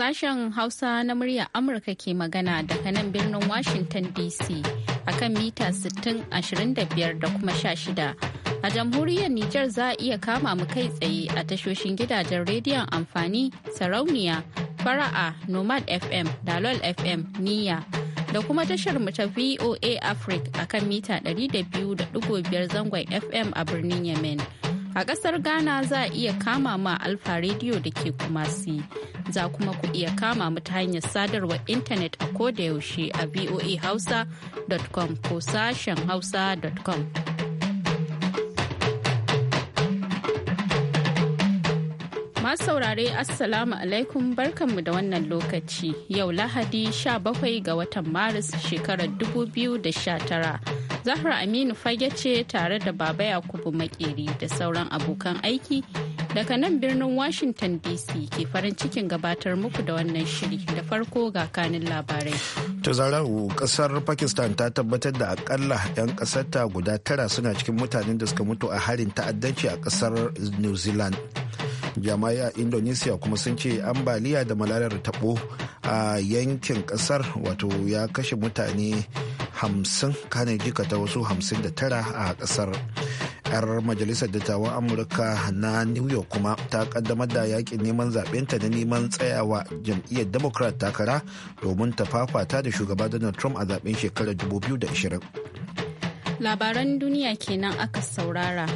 Sashen Hausa na murya Amurka ke magana daga nan birnin Washington DC akan mita 60 25 da kuma 16. A jamhuriyar Nijar za a iya kama mu kai tsaye a tashoshin gidajen rediyon amfani sarauniya, fara'a, nomad FM, dalol FM, niya Da kuma tashar mu ta VOA Africa akan mita 200.5 zangon FM a birnin Yemen. A ƙasar Ghana za a iya kama ma Alfa Radio da ke Kumasi. Za kuma ku iya kama mu ta hanyar sadarwar intanet a kodayaushe yaushe a voahausa.com ko sashen hausa.com. Masu saurare Assalamu alaikum barkanmu da wannan lokaci yau Lahadi 17 ga watan Maris shekarar 2019. Zahra Aminu fage ce tare da Baba Yakubu Makeri da sauran abokan aiki daga nan birnin Washington DC ke farin cikin gabatar muku da wannan shiri da farko ga kanin labarai. Ta zarau kasar Pakistan ta tabbatar da akalla 'yan kasarta guda tara suna cikin mutanen da suka mutu a harin ta'addanci a kasar New Zealand. jama'a indonesia kuma sun ce ambaliya da malalar tabo a yankin kasar wato ya kashe mutane hamsin kane ta wasu hamsin da tara a kasar yar majalisar dattawan amurka na new york kuma ta kaddamar da yakin neman zaɓenta na neman tsayawa jam'iyyar democrat takara domin ta fafata da shugaba donald trump a zaben shekarar 2020 labaran duniya kenan aka saurara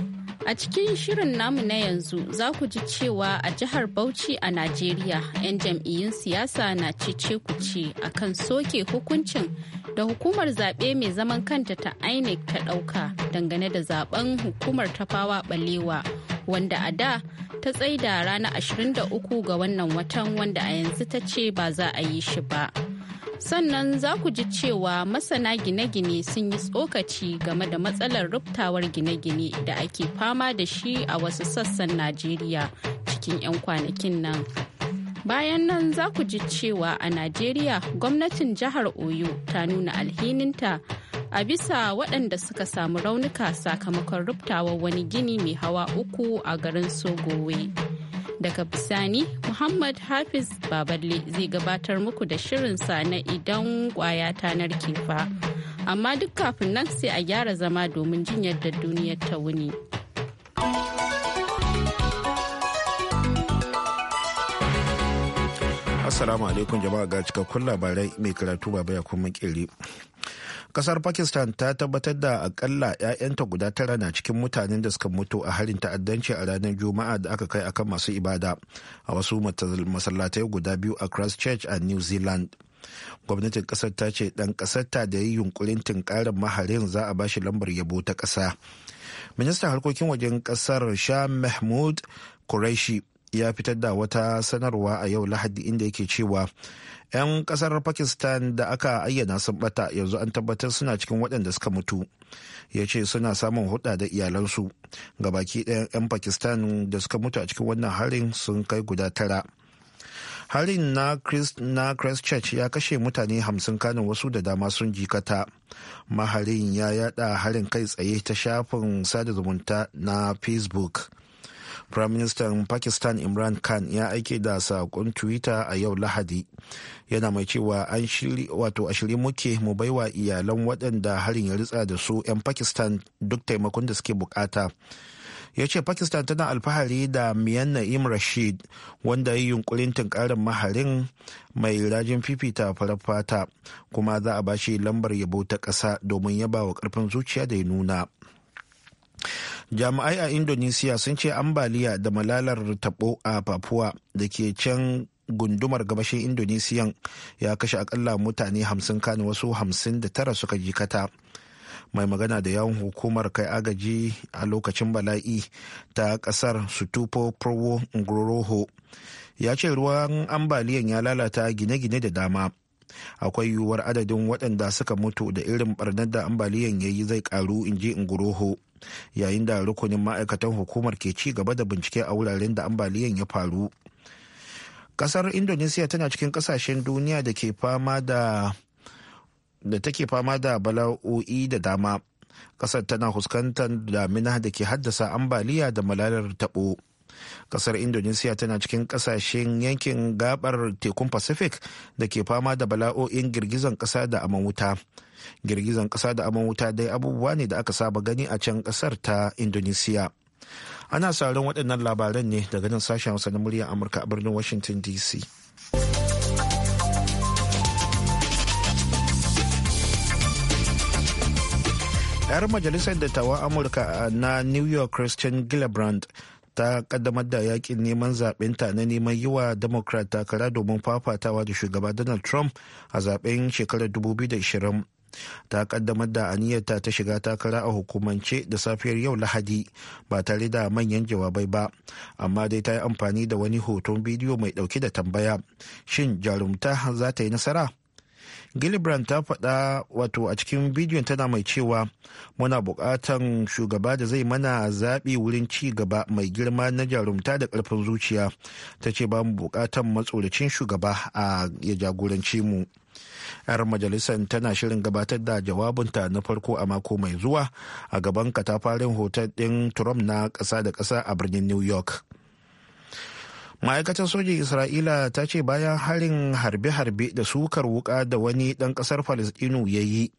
A cikin shirin namu na yanzu za ku ji cewa a jihar Bauchi a Najeriya 'yan jam'iyyun siyasa na cece kuce a kan soke hukuncin da hukumar zaɓe mai zaman kanta ta INEC ta ɗauka dangane da zaben hukumar tafawa ɓalewa wanda a da ta tsaida rana 23 ga wannan watan wanda a yanzu ta ce ba za a yi shi ba. sannan za ku ji cewa masana gine-gine sun yi tsokaci game da matsalar ruptawar gine-gine da ake fama da shi a wasu sassan najeriya cikin 'yan kwanakin nan bayan nan za ku ji cewa a najeriya gwamnatin jihar oyo ta nuna alhininta a bisa waɗanda suka samu raunuka sakamakon ruptawar wani gini mai hawa uku a garin sogowe. daga bisani muhammad hafiz baballe zai gabatar muku da shirinsa na idan kwaya ta narke fa amma duk kafin nan sai a gyara zama domin jin yadda duniyar ta wuni assalamu alaikum jama'a ga cikakkun labarai mai karatu baba ya kuma kere kasar pakistan ta tabbatar da akalla 'ya'yanta guda tara na cikin mutanen da suka mutu a harin ta'addanci a ranar juma'a da aka kai akan masu ibada a wasu masallatai guda biyu a christchurch a new zealand gwamnatin kasar ta ce dan kasar ta da yi yunkurin tunkarin maharin za a bashi lambar yabo ta kasa ministan harkokin wajen kasar shah mahmud Qureshi ya fitar da wata sanarwa a yau lahadi inda yake cewa 'yan kasar pakistan da aka ayyana sun bata yanzu an tabbatar suna cikin waɗanda suka mutu ya ce suna samun hudda da iyalansu ga baki ɗayan 'yan pakistan da suka mutu a cikin wannan harin sun kai guda tara harin na, Christ, na christchurch ya kashe mutane hamsin kanin wasu da dama sun jikata maharin ya yada harin kai tsaye ta shafin sada zumunta na facebook Firaministan Pakistan Imran Khan ya aike da saƙon Twitter a yau Lahadi, yana mai cewa an shiri wato a shirye muke mu baiwa iyalan waɗanda harin ya ritsa da su 'yan Pakistan duk taimakon da suke bukata. ya ce pakistan tana alfahari da miyan na'im rashid wanda ya yi yunkurin tunkarin maharin mai rajin fifita farar fata kuma za a bashi lambar yabo ta ƙasa domin yaba wa ƙarfin zuciya da ya nuna jami'ai a indonesiya sun ce ambaliya da malalar tabo a papua da ke can gundumar gabashin indonesiyan ya kashe akalla mutane hamsin kane wasu hamsin da tara suka jikata mai magana da yawon hukumar kai agaji a lokacin bala'i ta kasar sutupo provo ngoroho ya ce ruwan ambaliyan ya lalata gine-gine da dama akwai yiwuwar adadin waɗanda suka mutu da irin barnar da ambaliyan ya yi zai ƙaru in ji ngoroho yayin da rukunin ma'aikatan hukumar ke ci gaba da bincike a wuraren da ambaliyan ya faru kasar indonesiya tana cikin kasashen duniya da ke fama da da take fama da bala'o'i da dama kasar tana fuskantar damina da ke haddasa ambaliya da malalar taɓo. kasar indonesiya tana cikin kasashen yankin gabar tekun pacific da ke fama da bala'o'in girgizan kasa da aman wuta girgizan kasa da aman wuta dai abubuwa ne da aka saba gani a can kasar ta indonesiya ana sauran waɗannan labaran ne daga nan sashen hausa na muryar amurka a birnin washington dc yar majalisar dattawan amurka na new york christian gillibrand ta kaddamar da yakin neman ta na neman yiwa democrat takara domin fafatawa da shugaba donald trump a zaben shekarar 2020 ta kaddamar da aniyarta ta shiga takara a hukumance da safiyar yau lahadi ba tare da manyan jawabai ba amma dai ta yi amfani da wani hoton bidiyo mai dauke da tambaya shin jarumta za ta yi nasara gilibrand ta faɗa wato a cikin bidiyon tana mai cewa muna buƙatan shugaba da zai mana zaɓi wurin ci gaba mai girma na jarumta da ƙarfin zuciya ta ce ba mu buƙatan matsoracin shugaba a ya jagoranci mu yar majalisar tana shirin gabatar da jawabinta na farko a mako mai zuwa a gaban katafarin hotel ɗin trump na ƙasa da ƙasa a birnin new york ma'aikatar sojin isra'ila ta ce bayan harin harbe-harbe da sukar wuka da wani ɗan ƙasar falistinu ya yi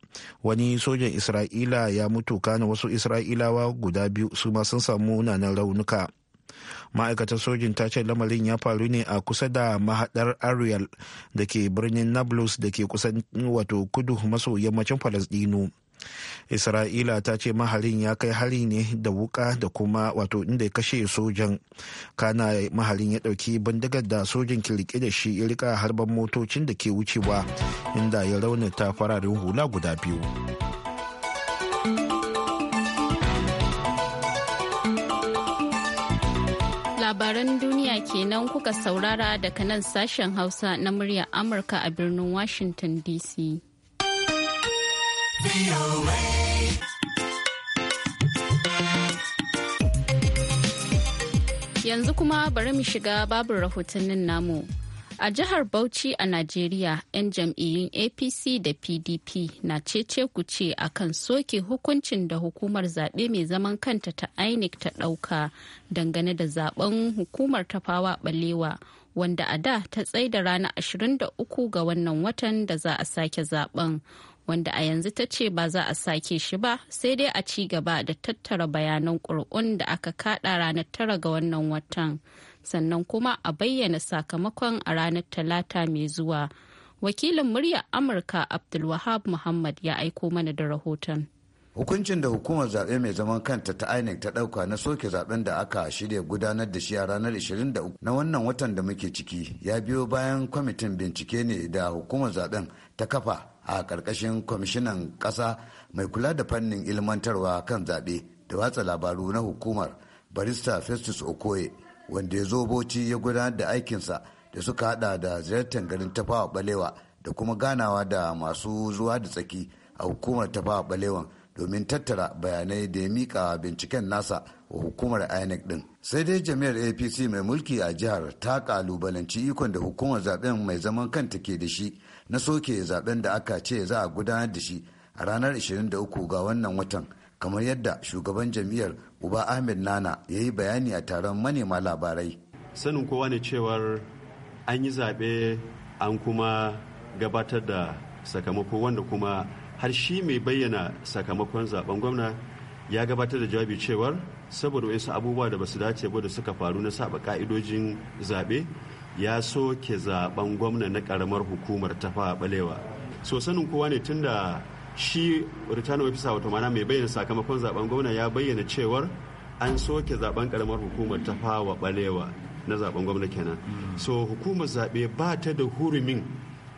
wani sojan isra'ila ya mutu kana wasu isra'ilawa guda biyu su ma sun samu nanan raunuka ma'aikatar sojin ta ce lamarin ya faru ne a kusa da mahadar ariel da ke birnin nablus da ke kusan wato kudu maso yammacin falasdino isra'ila ta ce maharin ya kai hari ne da wuka da kuma wato inda ya kashe sojan kana maharin ya dauki bindigar da sojan rike da shi ya rika harban motocin da ke wucewa inda ya raunata fararen hula guda biyu labaran duniya kenan kuka saurara daga nan sashen hausa na murya amurka a birnin washington dc Yanzu kuma bari mu shiga babin rahotannin namu. A jihar Bauchi a Najeriya, 'yan jam'iyyun APC da PDP na cece kuce a kan soke hukuncin da hukumar zaɓe mai zaman kanta ta INEC ta ɗauka dangane da zaben hukumar tafawa ɓalewa wanda a da ta tsaida rana 23 ga wannan watan da za a sake zaben. wanda a yanzu ta ce ba za a sake shi ba sai dai a ci gaba da tattara bayanan ƙuri'un da aka kaɗa ranar tara ga wannan watan sannan kuma a bayyana sakamakon a ranar talata mai zuwa wakilin murya amurka abdulwahab muhammad ya aiko mana da rahoton hukuncin da hukumar zaɓe mai zaman kanta ta inec ta ɗauka na soke zaɓen da aka shirya gudanar da shi a ranar 23 na wannan watan da muke ciki ya biyo bayan kwamitin bincike ne da hukumar zaɓen ta kafa a ƙarƙashin kwamishinan ƙasa mai kula da fannin ilmantarwa kan zaɓe da watsa labaru na hukumar barista festus okoye wanda ya zo boci ya gudanar da aikinsa da suka hada da ziyartar garin tafawa balewa da kuma ganawa da masu zuwa da tsaki a hukumar tafawa balewan domin tattara bayanai da ya mika binciken nasa wa hukumar inec din sai dai jami'ar apc mai mulki a jihar ta kalubalanci ikon da hukumar zaben mai zaman kanta ke da shi na soke zaben da aka ce za a gudanar da shi a ranar 23 ga wannan watan kamar yadda shugaban Jami'ar uba ahmed nana ya yi bayani a taron manema labarai sanin kowa ne cewar an yi zaɓe an kuma gabatar da sakamako wanda kuma har shi mai bayyana sakamakon zaben gwamna ya gabatar da jawabi cewar saboda wasu abubuwa da basu dace ba da suka faru na saba ka'idojin zaɓe ya soke zaben gwamna na karamar hukumar ta balewa so sanin kowa ne tunda shi returning officer wato mana mai bayyana sakamakon zaben gwamna ya bayyana cewar an soke zaben karamar hukumar ta wa balewa na zaben gwamna kenan hmm. so hukumar zaɓe ba ta da hurumin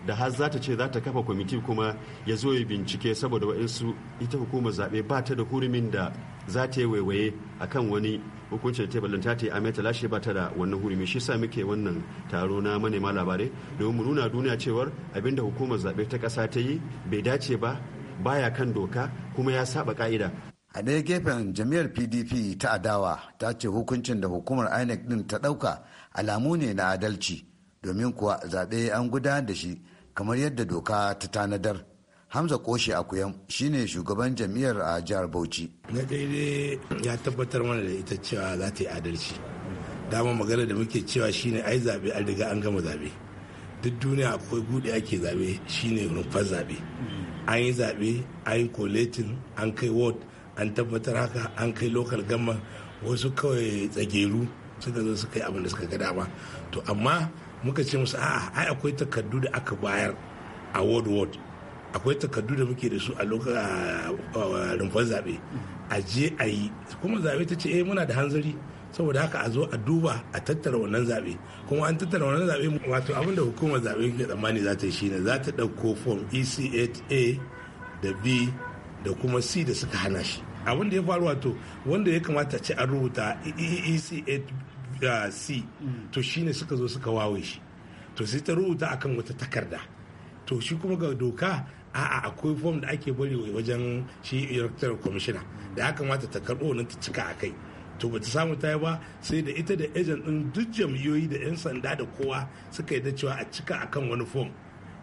da har za ta ce za ta kafa kwamiti kuma ya zo ya bincike saboda waɗansu ita hukumar zaɓe ba ta da hurumin da za ta yi waiwaye a kan wani hukuncin da tebalin ta yi amai lashe ba ta da wannan hurumi shi sa muke wannan taro na manema labarai domin mu nuna duniya cewar da hukumar zaɓe ta ƙasa ta yi bai dace ba baya kan doka kuma ya saba ka'ida a ɗaya gefen jami'ar pdp ta adawa ta ce hukuncin da hukumar inec ɗin ta ɗauka alamu ne na adalci domin kuwa zaɓe an gudanar da shi kamar yadda doka ta tanadar hamza koshe akuyam shine shugaban jam'iyyar a jihar bauchi na daidai ya tabbatar mana da ita cewa za ta yi adalci dama magana da muke cewa shine ai zabe an riga an gama zabe duk duniya akwai buɗe ake zabe shine rumfar zabe an yi zabe an yi collating an kai ward an tabbatar haka an kai local gama wasu kawai tsageru suka zo suka yi abin da suka ga dama to amma muka ce musu a'a ai akwai takardu da aka bayar a world world akwai takardu da muke da su a rumfar zaɓe a je a yi kuma zaɓe ta ce eh, muna da hanzari saboda haka a zo a duba a tattara wannan zaɓe kuma an tattara wannan zaɓe wato abin da hukumar zaɓe ke tsammani za ta yi shine za ta ɗauko form ec8a da b da kuma c da suka hana shi abin da ya faru wato wanda ya kamata ce an rubuta ec8 e e c to shine suka zo suka wawe shi to sai ta rubuta akan wata takarda to shi kuma ga doka a'a akwai fom da ake bari wajen shi electoral commissioner da ya kamata ta karbo nan ta cika a kai to bata samu ta ba sai da ita da ejen din duk jam'iyyoyi da 'yan sanda da kowa suka yi da cewa a cika akan wani fom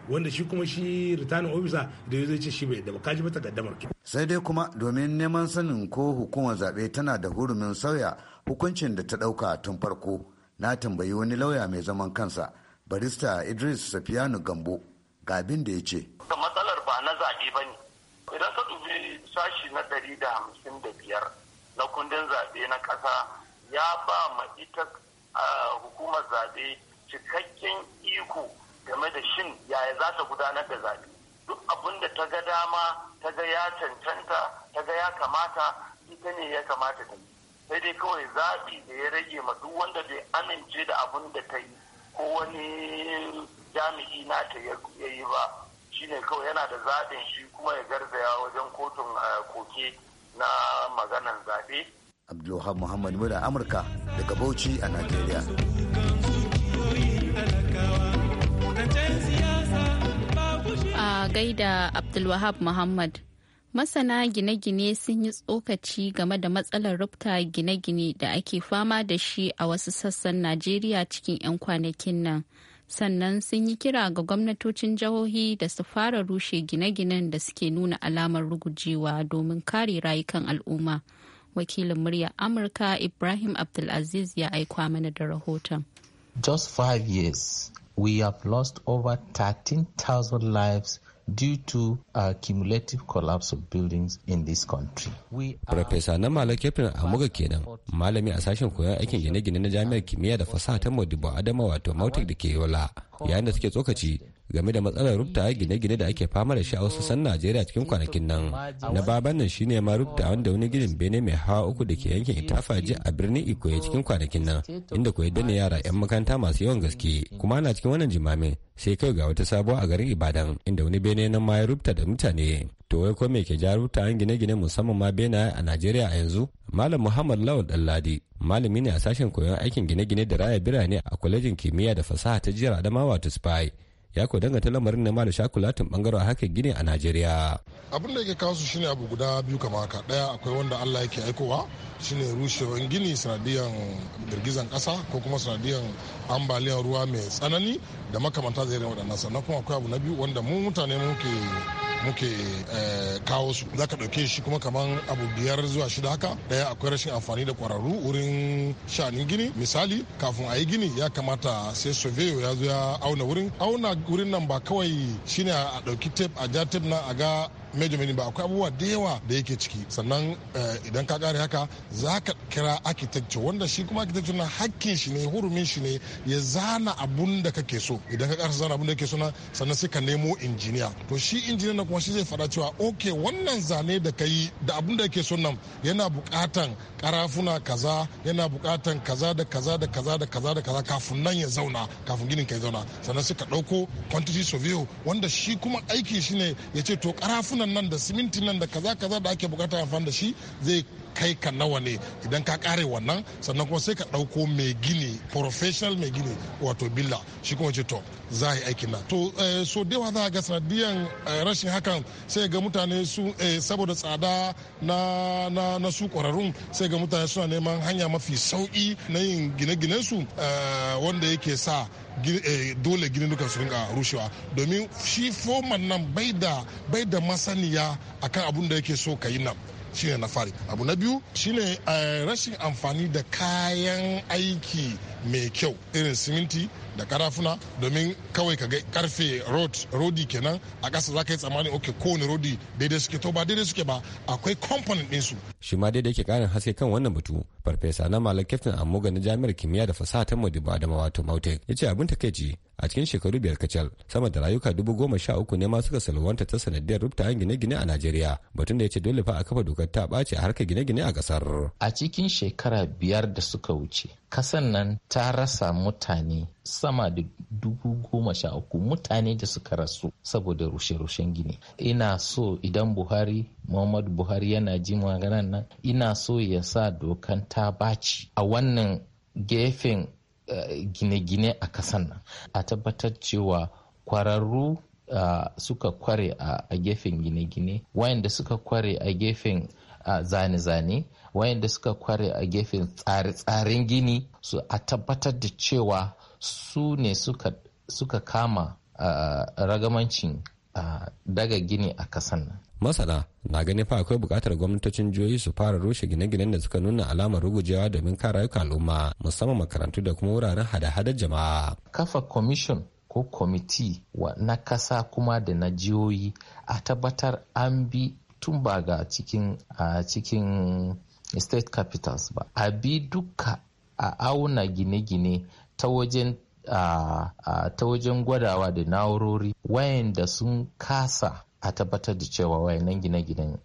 wanda shi kuma shi ritanin ofisa da zai ce shi bai da kaji ba gaddamar sai dai kuma domin neman sanin ko hukumar zaɓe tana da hurumin sauya hukuncin da ta ɗauka tun farko na tambayi wani lauya mai zaman kansa barista idris safiyanu gambo ga abin da ya ce da matsalar ba na zaɓe ba ne idan ka dubi sashi na ɗari da hamsin da biyar na kundin zaɓe na ƙasa ya ba ma ita hukumar zaɓe cikakken iko game da shin yaya za ta gudanar da zaɓe duk abin da ta ga dama ta ga ya cancanta ta ga ya kamata ita ne ya kamata ta yi sai dai kawai zaɓi da ya rage ma duk wanda bai amince da abin da ta yi ko wani jami'i na ta ya yi ba shine kawai yana da zaɓin shi kuma ya garzaya wajen kotun koke na maganan zaɓe. Abdullahi Muhammad Mura Amurka daga Bauchi a nigeria. A gaida Abdulwahab Muhammad. masana gine-gine sun yi tsokaci game da matsalar rufta gine-gine da ake fama da shi a wasu sassan najeriya cikin 'yan kwanakin nan sannan sun yi kira ga gwamnatocin jihohi da su fara rushe gine-ginen da suke nuna alamar rugujewa domin kare rayukan al'umma wakilin murya amurka ibrahim abdulaziz ya aikwa mana da rahoton just five years we have lost over 13,000 lives due to a cumulative collapse of buildings in this country. Farfesa na Malam Kepin Amuga kenan malami a sashen koyon aikin gine-gine na Jami'ar Kimiyya da Fasaha ta Modibo Adama wato Mautik da ke Yola yayin da suke tsokaci game da matsalar rubta gine-gine da ake fama da shi a wasu san Najeriya cikin kwanakin nan. Na baban nan shine ma rubta wanda wani ginin bene mai hawa uku da ke yankin Itafaji a birnin Ikoyi cikin kwanakin nan inda koyi dana yara 'yan makaranta masu yawan gaske kuma ana cikin wannan jimamin sai kai ga wata sabuwa a garin Ibadan inda wani bene nan ma ya rubta da mutane. To wai ko me ke ja rubta gine-gine musamman ma bene a Najeriya a yanzu? Malam Muhammad Lawal Dalladi malami ne a sashen koyon aikin gine-gine da raya birane a kwalejin kimiyya da fasaha ta jihar Adamawa to Spy ya ko danganta lamarin na ma da shakulatin bangaren haka gini a najeriya abin da yake kawo su shine abu guda biyu kama haka daya akwai wanda allah yake aikowa shine rushewan gini sanadiyan girgizan kasa ko kuma sanadiyan ambaliyar ruwa mai tsanani da makamanta zai irin waɗannan sannan kuma akwai abu na biyu wanda mu mutane muke muke eh, kawo su za ka ɗauke shi kuma kaman abu biyar zuwa shida haka ɗaya akwai rashin amfani da kwararru wurin shani gini misali kafin a yi gini ya kamata sai surveyor ya zo ya auna wurin auna wurin nan ba kawai shine a ɗauki tep a ja tep na a ga meji meji ba akwai abubuwa da yawa da yake ciki sannan eh, idan ka kare haka za ka kira architecture wanda shi kuma architecture na hakkin shi ne hurumin shi ne ya zana abun da kake so idan ka karasa zana abun da kake so na sannan sai ka nemo injiniya to shi injiniya na kuma shi zai fada cewa ok wannan zane da ka da abun da kake so nan yana bukatan karafuna kaza yana bukatan kaza da kaza da kaza da kaza da kaza kafin nan ya zauna kafin ginin ka ya zauna sannan sai ka dauko quantity survey wanda shi kuma aiki shine ya ce to karafuna nan da siminti nan da kaza kaza da ake bukata amfani da shi zai kai ka nawa ne idan ka kare wannan sannan kuma sai ka ɗauko mai gini professional mai gini wato billa shi kuma ce to za a yi aikin na. to eh, so da yawa za a ga sanadiyan eh, rashin hakan sai ga mutane su eh, saboda tsada na na su kwararrun sai ga mutane suna neman hanya mafi sauki na yin gine-ginen su wanda yake sa dole gini duka su rinka rushewa domin shi foman nan bai da masaniya akan abun da yake so ka yi nan shine na fari abu na biyu shine eh, rashin amfani da kayan aiki mai kyau irin siminti da karafuna domin kawai ka ga karfe rodi kenan a ƙasa za ka yi tsammanin oke kowane rodi daidai suke to ba daidai suke ba akwai kamfanin ɗinsu. shi ma daidai ke ƙarin haske kan wannan batu farfesa na malam kyaftin amoga na jami'ar kimiyya da fasaha ta modibo adama wato mautek ya ce abin takaici a cikin shekaru biyar kacal sama da rayuka dubu goma sha uku ne ma suka salwanta ta sanadiyar rubuta gine-gine a najeriya batun da ya ce dole fa a kafa dokar ta ɓace a harkar gine-gine a ƙasar. a cikin shekara biyar da suka wuce kasan nan ta rasa mutane sama da dubu goma sha uku mutane da suka rasu saboda rushe-rushen gini ina so idan buhari muhammadu buhari yana ji maganan nan ina so ya sa dokan ta baci a wannan gefen eh, gine-gine a kasan nan a tabbatar cewa kwararru ah, suka kware a gefen gine-gine wayanda suka kware a gefen a zane-zane wayanda suka kware a gefen tsare-tsaren gini su a tabbatar da cewa su ne suka kama ragamancin daga gini a kasan nan masana na gani fa akwai bukatar gwamnatocin jihohi su fara rushe gine-ginen da suka nuna alamar rugujewa domin kare rayuka al'umma musamman makarantu da kuma wuraren hada-hadar jama'a kafa commission ko kwamiti na kasa kuma da na jihohi a tabbatar an bi tun ba ga cikin a cikin state capitals ba a bi duka a auna gine-gine ta wajen ta wajen gwadawa da na'urori wayanda sun kasa a tabbatar da cewa wayannan gine gine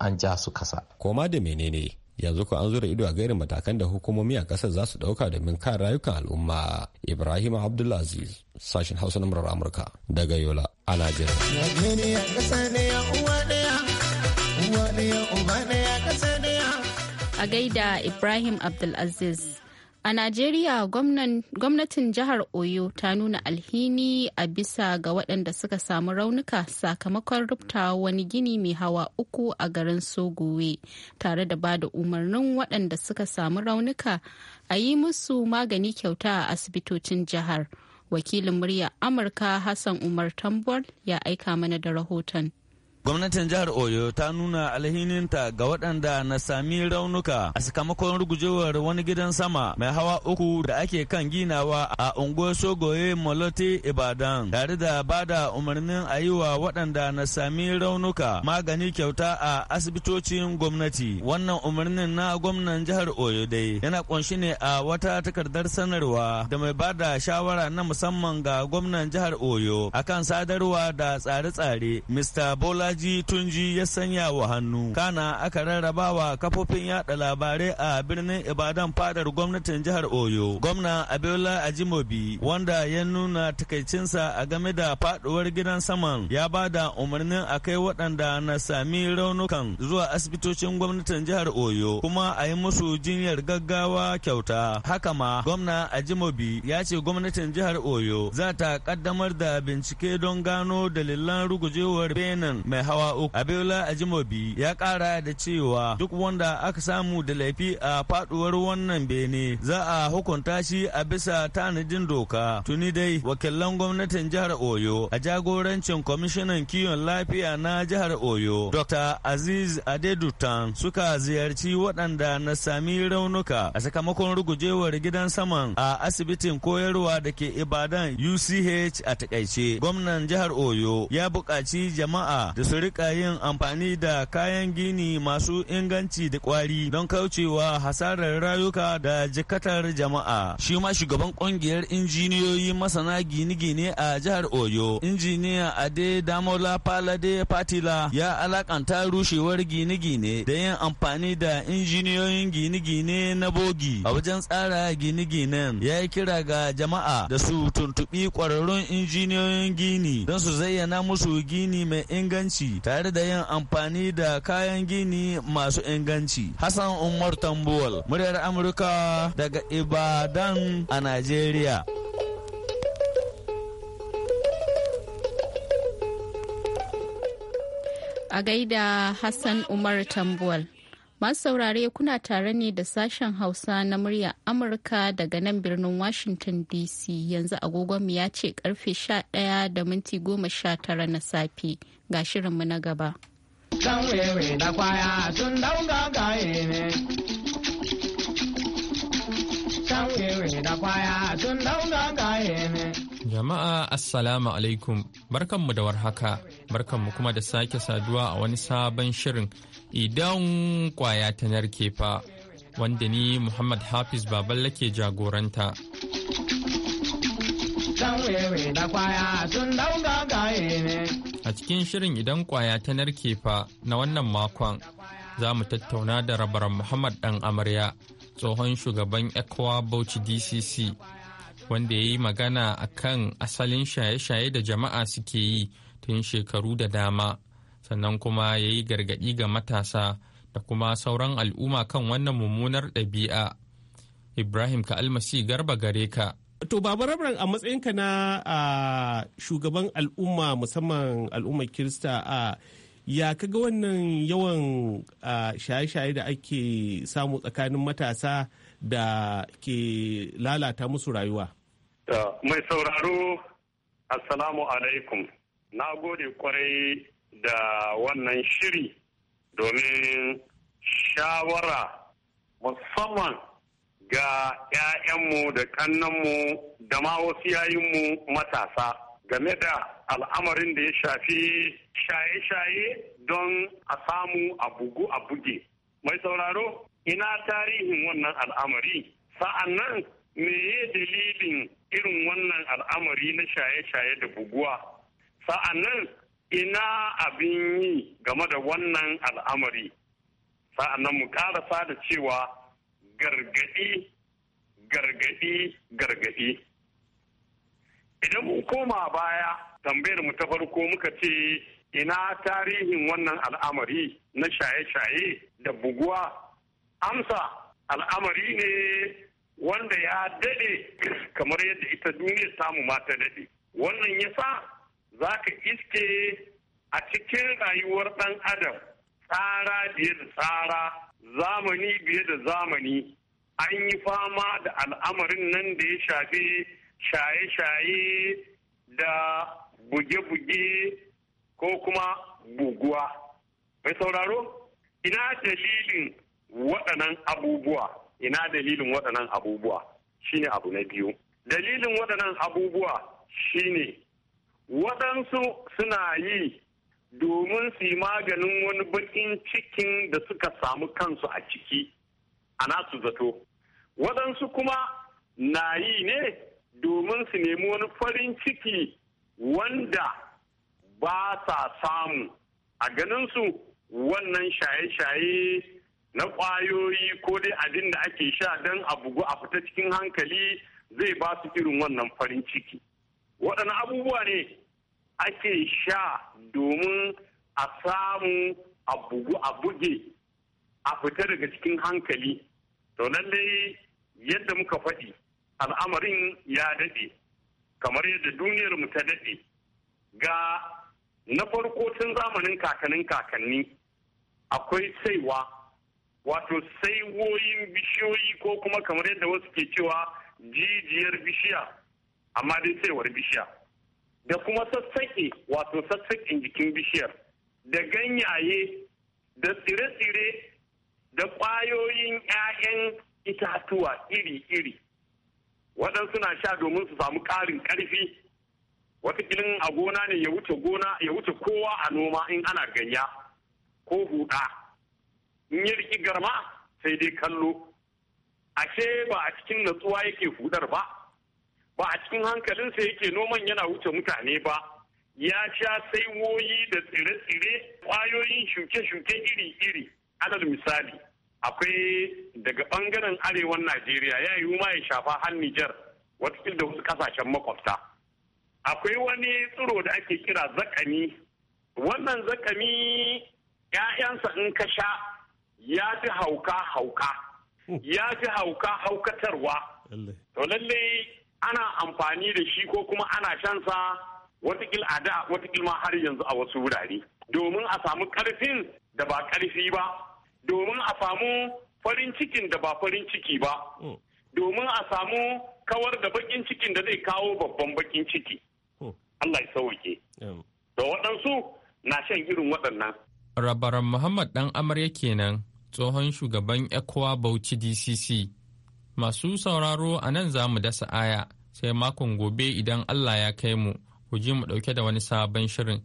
an ja su kasa koma da menene yanzu ko an zura ido a gairin matakan da hukumomi a kasar za su dauka domin kare rayukan al'umma ibrahim abdulaziz sashen hausa na murar amurka daga yola a najeriya a gaida ibrahim abdulaziz A Najeriya gwamnatin jihar Oyo ta nuna alhini a bisa ga waɗanda suka samu raunuka sakamakon rubta wani gini mai hawa uku a garin Sogowe tare da bada umarnin waɗanda suka samu raunuka a yi musu magani kyauta a asibitocin jihar. Wakilin murya Amurka Hassan Umar Tambor ya aika mana da rahoton. Gwamnatin jihar Oyo ta nuna alhininta ga waɗanda na sami raunuka a sakamakon rugujewar wani gidan sama mai hawa uku da ake kan ginawa a unguwar Sogoye Moloti Ibadan tare da bada umarnin a yi wa waɗanda na sami raunuka magani kyauta a asibitocin gwamnati. Wannan umarnin na gwamnan jihar Oyo dai yana ƙunshi ne a wata takardar sanarwa da mai bada shawara na musamman ga gwamnan jihar Oyo akan sadarwa da tsare-tsare Mr. Bola Alhaji Tunji ya sanya wa hannu. Kana aka rarrabawa kafofin yada labarai a birnin Ibadan fadar gwamnatin jihar Oyo. Gwamna Abiola Ajimobi wanda ya nuna takaicinsa a game da faduwar gidan saman ya ba da umarnin a kai waɗanda na sami raunukan zuwa asibitocin gwamnatin jihar Oyo kuma a yi musu jinyar gaggawa kyauta. Haka ma gwamna Ajimobi ya ce gwamnatin jihar Oyo za ta kaddamar da bincike don gano dalilan rugujewar Benin mai hawa uku abiola ajimobi ya kara da cewa duk wanda aka samu da laifi a faduwar wannan bene za a hukunta shi a bisa tanadin doka tuni dai wakilan gwamnatin jihar oyo a jagorancin kwamishinan kiwon lafiya na jihar oyo dr aziz adedutan suka ziyarci waɗanda na sami raunuka a sakamakon rugujewar gidan saman a asibitin koyarwa da ke ibadan uch a takaice gwamnan jihar oyo ya buƙaci jama'a da su su rika yin amfani da kayan gini masu inganci da kwari don kaucewa hasarar rayuka da jikatar jama'a. Shi ma shugaban kungiyar injiniyoyi masana gine-gine a jihar Oyo, injiniya Ade Damola Palade Patila ya alakanta rushewar gine-gine da yin amfani da injiniyoyin gine-gine na bogi a wajen tsara gine-ginen ya yi kira ga jama'a da su tuntuɓi kwararrun injiniyoyin gini don su zayyana musu gini mai inganci inganci tare da yin amfani da kayan gini masu inganci. Hassan Umar Tambuwal, muryar Amurka daga Ibadan a Najeriya. A gaida Hassan Umar Tambuwal. Masu saurare kuna tare ne da sashen Hausa na murya Amurka daga nan birnin Washington DC yanzu agogonmu ya ce karfe 11 da minti 19 na safe ga shirinmu na gaba. Jama'a Assalamu alaikum, barkanmu da warhaka, barkanmu kuma da sake saduwa a wani sabon shirin idan kwaya ta narke fa wanda ni Muhammad Hafiz Baballa ke jagoranta. A cikin shirin idan kwaya ta narke fa na wannan makon za mu tattauna da rabar Muhammad dan amarya tsohon shugaban ECOWA Bauchi DCC wanda ya yi magana a kan asalin shaye-shaye da jama'a suke yi tun shekaru da dama sannan kuma ya yi gargaɗi ga matasa da kuma sauran al'umma kan wannan mummunar ɗabi'a. Ibrahim ka almasi garba gare ka. To Baba Rabran a ka na shugaban al'umma musamman al'ummar Kirista a ya kaga wannan yawan shaye-shaye da ake samu tsakanin matasa da ke lalata musu rayuwa. Mai sauraro, Assalamu alaikum. Na gode kwarai da wannan shiri domin shawara musamman ga 'ya'yanmu da kannanmu da ma wasu yayinmu matasa game da al'amarin da ya shafi shaye-shaye don a samu a bugu a buge. Mai sauraro, ina tarihin wannan al'amari, sa'an nan meye dalilin irin wannan al'amari na shaye-shaye da buguwa, sa'an ina abin yi game da wannan al'amari sa'annan mu karasa da cewa gargadi, gargadi, gargadi? idan mun koma baya tambayar mu ta farko muka ce ina tarihin wannan al'amari na shaye-shaye da buguwa amsa al'amari ne wanda ya daɗe kamar yadda ita duniya samu ma ta daɗe wannan ya sa za ka iske a cikin rayuwar ɗan adam tsara biye da tsara zamani biye da zamani an yi fama da al'amarin nan da ya shafi shaye-shaye da buge-buge ko kuma buguwa. Mai sauraro, ina dalilin waɗannan abubuwa, ina dalilin waɗannan abubuwa shine abu na biyu. Dalilin waɗannan abubuwa shine waɗansu suna yi domin su yi maganin wani baƙin cikin da suka samu kansu a ciki a nasu zato waɗansu kuma na yi ne domin su nemi wani farin ciki wanda ba sa samu a ganinsu wannan shaye-shaye na ƙwayoyi ko dai abin da ake sha don a bugu a fita cikin hankali zai ba su irin wannan farin ciki. waɗanne abubuwa ne ake sha domin a samu a a buge a fita daga cikin hankali to lallai yadda muka faɗi al'amarin ya daɗe kamar yadda duniyar mu ta daɗe ga na farko tun zamanin kakannin kakanni akwai saiwa wato saiwoyin bishiyoyi ko kuma kamar yadda wasu ke cewa jijiyar bishiya amma dai cewar bishiya da kuma sassaƙe wato sassaƙin jikin bishiyar da ganyaye da tsire-tsire da ƙwayoyin 'ya'yan itatuwa iri-iri waɗansu na sha domin su samu ƙarin ƙarfi watakilin a gona ne ya wuce gona ya wuce kowa a noma in ana ganya ko huɗa in yi riki garma sai dai kallo ashe ba a cikin natsuwa yake hudar ba ba a cikin hankalinsa yake noman yana wuce mutane ba ya sha saiwoyi da tsire-tsire ƙwayoyin shuke-shuke iri-iri alal misali akwai daga bangaren arewan najeriya ya yiwu ma ya shafa har nijar watakil da wasu ƙasashen makwabta akwai wani tsiro da ake kira zakami wannan zakami ‘ya'yansa in ka sha ya fi hauka hauka hmm. ya fi hauka haukatarwa to lallai ana amfani da shi ko kuma ana shansa watakil a da watakil ma har yanzu a wasu wurare domin a samu karfin da ba karfi ba domin a samu farin cikin da ba farin ciki ba hmm. domin a samu kawar da bakin cikin da zai kawo babban bakin ciki hmm. Allah ya sauke da waɗansu na shan irin waɗannan rabaran muhammad dan amarya kenan tsohon shugaban ekwa bauchi dcc masu sauraro a nan za mu dasa aya sai makon gobe idan Allah ya kai mu ku ji mu dauke da wani sabon shirin.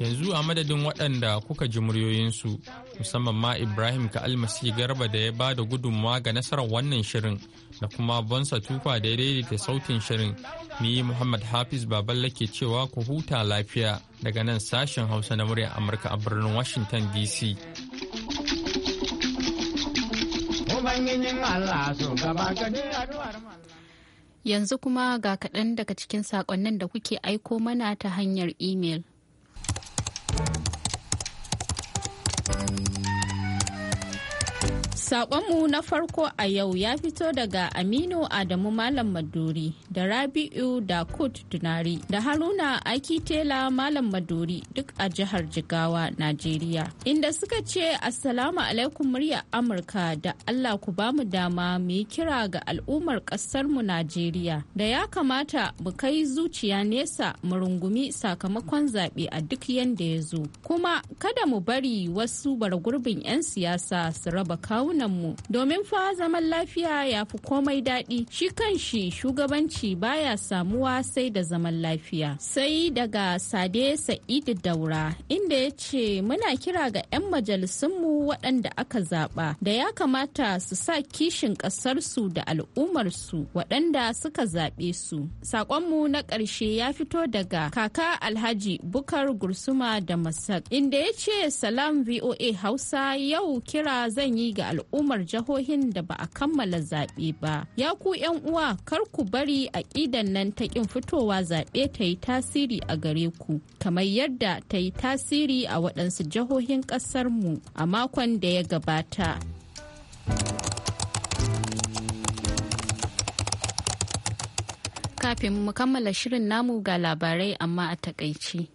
Yanzu a madadin waɗanda kuka ji muryoyinsu musamman ma Ibrahim ka almasi garba da ya ba da gudunmawa ga nasarar wannan shirin da kuma bonsa tufa da ya daidaita sautin shirin ni Muhammad Hafiz Baballe ke cewa ku huta lafiya daga nan sashen Hausa na murya Amurka a birnin Washington DC. Yanzu kuma ga kaɗan daga cikin saƙonnin da kuke aiko mana ta hanyar imel. Sakonmu na farko a yau ya fito daga Aminu Adamu Malam Maduri da Rabi'u Da Kut Dunari da Haruna Aki Tela Malam Maduri duk a jihar Jigawa, Najeriya. Inda suka ce Assalamu alaikum murya Amurka da Allah ku bamu dama mu yi kira ga al'ummar ƙasarmu Najeriya da ya kamata mu kai zuciya nesa mu rungumi sakamakon zaɓe a duk yanda ya zo. Kuma kada mu bari wasu bara gurbin 'yan siyasa su raba kawun mu domin fa zaman lafiya ya fi komai daɗi shi kanshi shugabanci baya samuwa sai da zaman lafiya sai daga sade sa'idu daura inda ya ce muna kira ga 'yan majalisunmu waɗanda aka zaɓa da ya kamata su sa kishin ƙasarsu da al'ummarsu waɗanda suka zaɓe su saƙonmu na ƙarshe ya fito daga kaka alhaji bukar gursuma da masak inda ya ce salam voa hausa yau kira zan yi ga al'umma al'ummar jihohin da ba a kammala zaɓe ba ya ku 'yan uwa kar ku bari a aƙidan nan ta ƙin fitowa zaɓe ta yi tasiri a gare ku kamar yadda ta yi tasiri a waɗansu jihohin ƙasarmu a makon da ya gabata. Kafin mu kammala shirin namu ga labarai amma a takaici.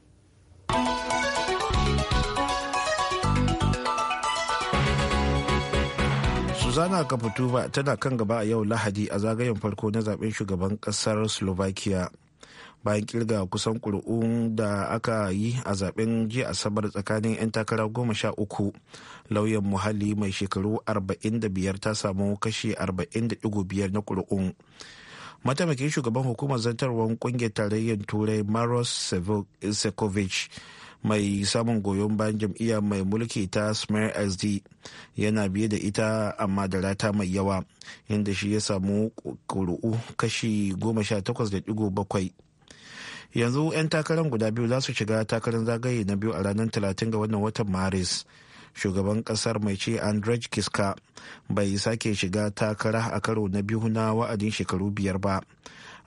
Zuzana Kaputuba tana kan gaba a yau Lahadi a zagayen farko na zaben shugaban kasar Slovakia. Bayan kirga kusan kuri'un da aka yi a zaben jiya Asabar tsakanin 'yan takara goma sha uku, lauyan muhalli mai shekaru 45 ta samu kashi 40.5 na kuri'un matamakin shugaban hukumar zantarwar kungiyar tarayyar Turai Maros Sekovic mai samun goyon bayan jam'iyyar mai mulki ta smear sd yana biye da ita amma da rata mai yawa inda shi ya samu kuri'u kashi 18.7 yanzu 'yan takarar guda biyu za su shiga takarar zagaye na biyu a ranar 30 ga wannan watan maris shugaban kasar mai ce andrej kiska bai sake shiga takara a karo na biyu na wa'adin shekaru biyar ba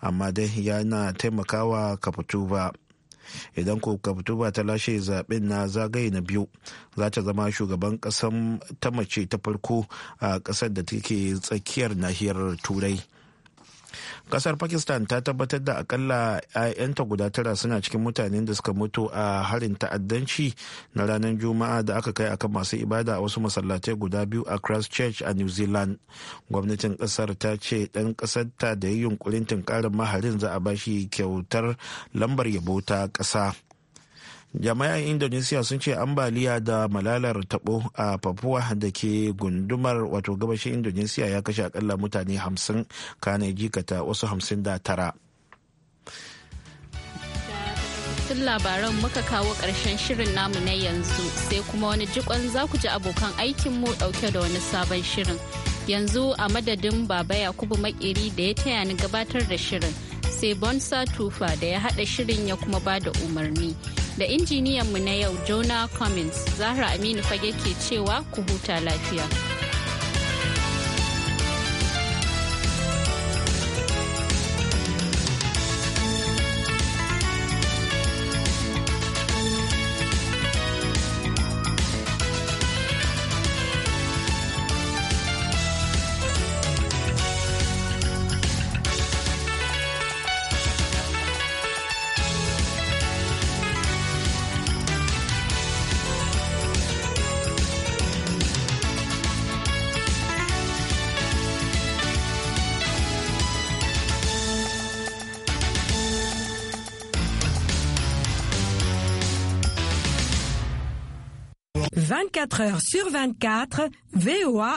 amma dai yana taimakawa kaputu ba idan ba ta lashe zaben na zagaye na biyu za ta zama shugaban kasan ta mace ta farko a kasar da take tsakiyar nahiyar turai kasar pakistan ta tabbatar da akalla 'ya'yanta guda tara suna cikin mutanen da suka mutu a harin ta'addanci na ranar juma'a da aka kai akan masu ibada a wasu masallatai guda biyu a christchurch a new zealand gwamnatin kasar ta ce dan kasar ta da yi yunkurin tunkarin maharin za a bashi kyautar lambar yabo ta kasa jama'an indonesia sun ce ambaliya da malalar tabo a papua da ke gundumar wato gabashin indonesia ya kashe akalla mutane 50 kane jikata wasu 59 tun labaran muka kawo ƙarshen shirin namu na yanzu sai kuma wani jikon za ku ji abokan aikinmu ɗauke da wani sabon shirin yanzu a madadin baba yakubu makeri da ya taya ni gabatar da shirin sai Bonsa Tufa da ya haɗa shirin ya kuma ba da umarni. Da injiniyanmu na yau Jonah Cummins, Zahra Aminu fage ke cewa ku huta lafiya. 24 heures sur 24, VOA